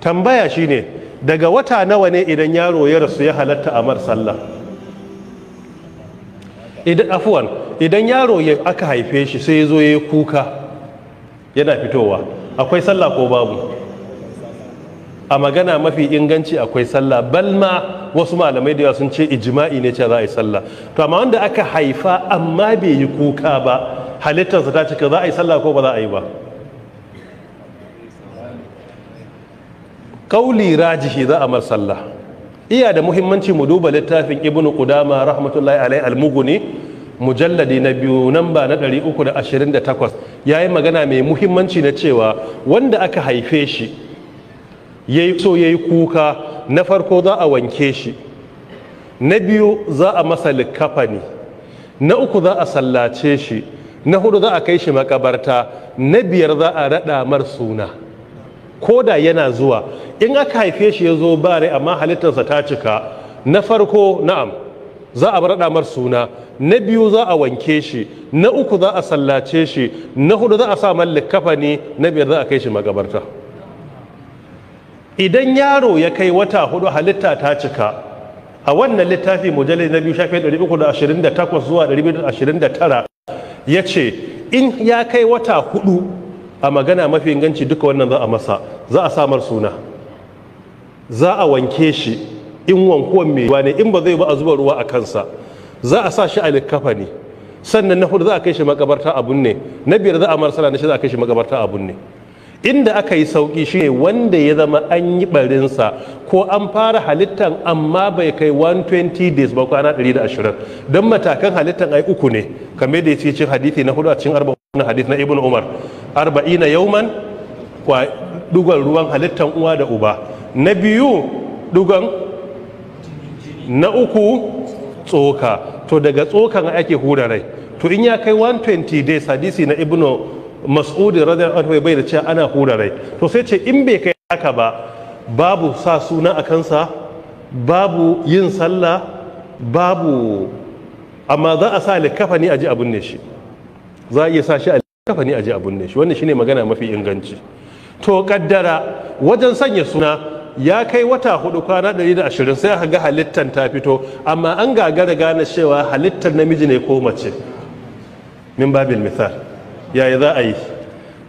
tambaya shine daga wata nawa ne idan yaro ya rasu ya halatta a mar sallah idan afuwan idan yaro ya aka haife shi sai ya zo ya kuka yana fitowa akwai sallah ko babu a magana mafi inganci akwai sallah balma wasu malamai da yawa sun ce ijima'i ne ce za a yi sallah to amma wanda aka haifa amma bai yi kuka ba halittarsa ta cika za a yi sallah ko ba za a yi ba kauli rajihi za a mar iya da muhimmanci mu duba littafin ibnu qudama rahmatullahi alai almugu mughni mujalladi na biyu namba na 328 yi magana mai muhimmanci na cewa wanda aka haife shi yayi so yayi kuka na farko za a wanke shi na biyu za a masa likafani na uku za a sallace shi na hudu za a kai shi makabarta na biyar za a raɗa mar suna ko da yana zuwa in aka haife shi ya zo ba rai amma halittarsa ta cika na farko na'am za a barada mar suna na biyu za a wanke shi na uku za a sallace shi na hudu za a sa mallik kafani na biyar za a kai shi magabarta idan yaro ya kai wata hudu halitta ta cika a wannan littafi mujalli na biyu shafi 328 zuwa 229 ya ce in ya kai wata hudu a magana mafi inganci duka wannan za a masa za a samar suna za a wanke shi in wankuwan mai ruwa ne in ba zai ba a zuba ruwa a kansa za a sa shi a likafa ne sannan na hudu za a kai shi makabarta abun ne na biyar za a marsala na shi za a kai shi makabarta abun ne inda aka yi sauki ne wanda ya zama an yi barinsa ko an fara halittan amma bai kai 120 days ba kwana 120 don matakan halittan ai uku ne kamar da ya ce cin hadithi na hudu a cikin na hadith na ibn umar arba'ina yauman kwa dugon ruwan halittar uwa da uba na biyu dugon na uku tsoka to daga tsokan ake hura rai to in ya kai 120 days hadisi na ibn mas'ud radiyallahu anhu bai da cewa ana hura rai to sai ce in bai kai haka ba babu sa suna a kansa babu yin sallah babu amma za a sa likafani a ji abin ne shi za a iya sa shi a kafa ne a ji abun ne shi wannan shine magana mafi inganci to kaddara wajen sanya suna ya kai wata hudu kwana 120 sai aka ga halittar ta fito amma an gagara gane cewa halittar namiji ne ko mace min babil misal yaya za a yi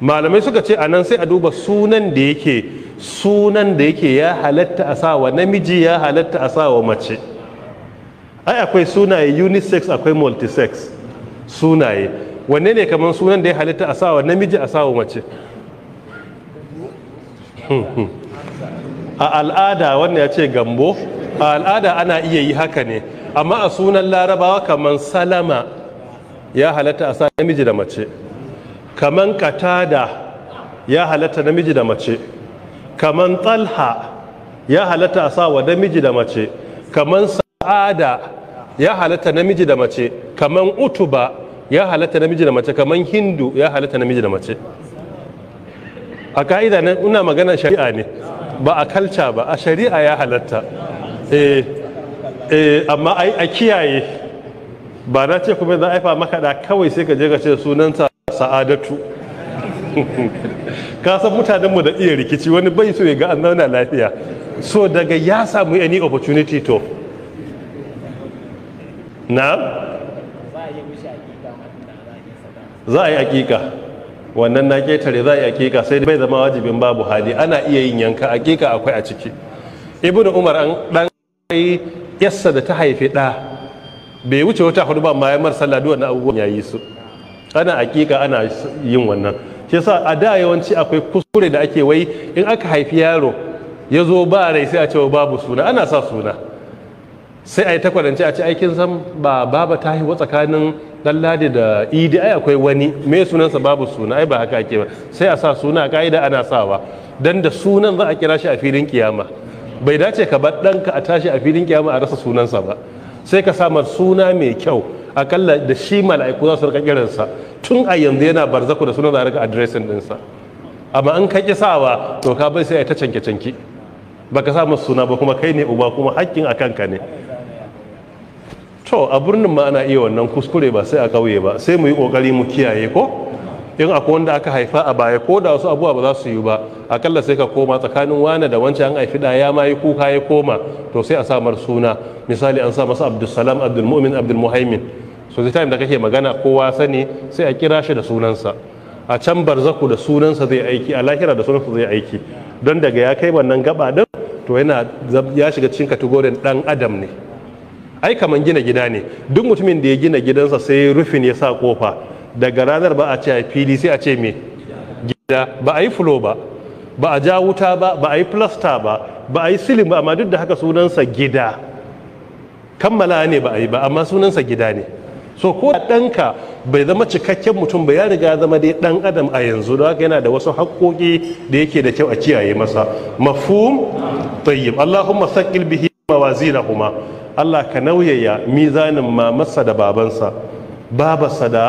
malamai suka ce anan sai a duba sunan da yake sunan da yake ya halatta a sawa namiji ya halatta a sawa mace ai akwai sunaye unisex akwai multisex sunaye wanne ne kamar sunan da ya halitta a sawa namiji a sawa mace hmm, hmm. a al'ada wannan ya ce gambo a al'ada ana iya yi haka ne amma a sunan larabawa kamar salama ya halatta a sa namiji da mace kamar katada ya halatta namiji da mace kamar talha ya halatta a sa wa namiji da mace kamar sa'ada ya halatta namiji da mace kamar utuba ya halatta namiji da mace kamar hindu ya halatta namiji da mace a ka'ida na ina magana shari'a ne ba a kalca ba a shari'a ya halatta eh, eh, amma a kiyaye ba na ce kuma a haifa maka da kawai sai ka je ka ce sunanta sa'adatu ka san mutanenmu da iya rikici wani bai so ya ga an zauna lafiya so daga ya samu any opportunity to na za a yi aƙiƙa wannan na ƙetare za a yi aƙiƙa sai bai zama wajibin babu hali ana iya yin yanka aƙiƙa akwai a ciki ibn umar an ɗan yassa da ta haifi ɗa bai wuce wata hudu ba bayan mar na duwannan abubuwan ya yi su ana aƙiƙa ana yin wannan shi yasa a da yawanci akwai kuskure da ake wai in aka haifi yaro ya zo ba rai sai a cewa babu suna ana sa suna sai a yi takwadance a ci aikin san ba baba ta haihuwa tsakanin ɗanladi da idi ai akwai wani me sunansa babu suna ai ba haka ake ba sai a sa suna ka'ida ana sawa dan da sunan za a kira shi a filin kiyama bai dace ka bar ɗanka a tashi a filin kiyama a rasa sunansa ba sai ka samar suna mai kyau akalla da shi mala'iku za su rika kiransa tun a yanzu yana barzaku da sunan za a rika adiresin ɗinsa amma an ka ƙi sawa to ka bai sai a ta canke-canke baka sa masu suna ba kuma kai ne uba kuma hakkin a kanka ne to a birnin ma ana iya wannan kuskure ba sai a ƙauye ba sai mu yi ƙoƙari mu kiyaye ko in akwai wanda aka haifa a baya ko da wasu abubuwa ba za su yi ba akalla sai ka koma tsakanin wane da wancan an haifi da ya ma yi kuka ya koma to sai a samar suna misali an sa masa abdulsalam abdulmumin abdulmuhaimin so zai time da kake magana kowa sani sai a kira shi da sunansa a can barzaku da sunansa zai aiki a lahira da sunansa zai aiki don daga ya kai wannan gaba din to yana ya shiga cikin kategorin dan adam ne ai kamar gina gida ne duk mutumin da ya gina gidansa sai rufin ya sa kofa daga ranar ba a ce a fili sai a ce me gida ba a yi fulo ba ba a ja wuta ba ba a yi plasta ba ba a yi silin ba amma duk da haka sunansa gida kammala ne ba a yi ba amma sunansa gida ne so ko ɗanka bai zama cikakken mutum ba ya riga zama dai ɗan adam a yanzu da haka yana da wasu haƙoƙi da yake da kyau a kiyaye masa mafhum tayyib allahumma saqil bihi mawazinahuma Allah ka nauyaya mizanin mamarsa da babansa babarsa da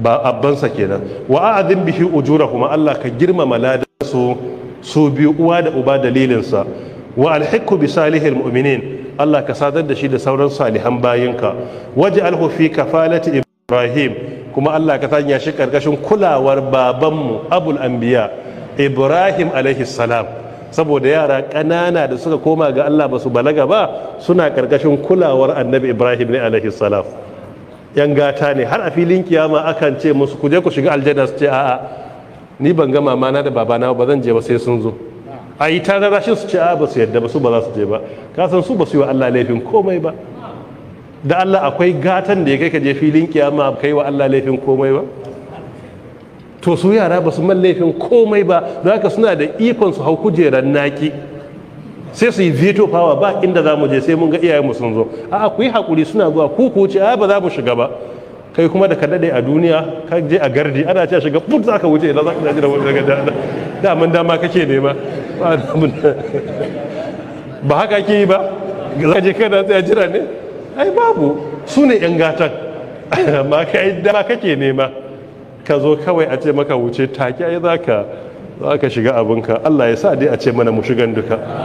ba kenan wa a'adhin bihi ujura kuma Allah ka girmama ladan su su biyu uwa da uba dalilinsa wa alhikku bi salihil mu'minin Allah ka sadar da shi da sauran salihan bayinka waj'alhu fi kafalati Ibrahim kuma Allah ka sanya shi karkashin kulawar babanmu Abul Anbiya Ibrahim alaihi salam saboda yara ƙanana da suka koma ga Allah ba su balaga ba suna ƙarƙashin kulawar annabi ibrahim ne alaihi salam yan gata ne har a filin kiyama akan ce musu kuje ku shiga aljanna su ce a'a ni ban ga mamana da babana ba zan je ba sai sun zo a yi ta rashin su ce a'a ba su yadda ba su ba za su je ba ka san su ba su yi wa Allah laifin komai ba da Allah akwai gatan da ya kai ka je filin kiyama kai wa Allah laifin komai ba to su yara ba su man laifin komai ba za ka suna da ikon su hau kujerar naki sai su yi veto power ba inda za mu je sai mun ga iyayenmu sun zo a'a ku yi hakuri suna zuwa ku ku ce a ba za mu shiga ba kai kuma da ka dade a duniya ka je a gardi ana cewa shiga put za ka wuce idan za ka ji da wani daga daman dama kake nema ba haka ke yi ba za ka je kana tsaya jira ne ai babu su ne yan gatan ma kai dama kake nema ka zo kawai a ce maka wuce take ai za ka shiga abinka allah ya sa dai a ce mana mu shigan duka